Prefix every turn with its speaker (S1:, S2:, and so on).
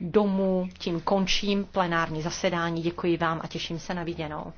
S1: domů. Tím končím plenární zasedání. Děkuji vám a těším se na viděnou.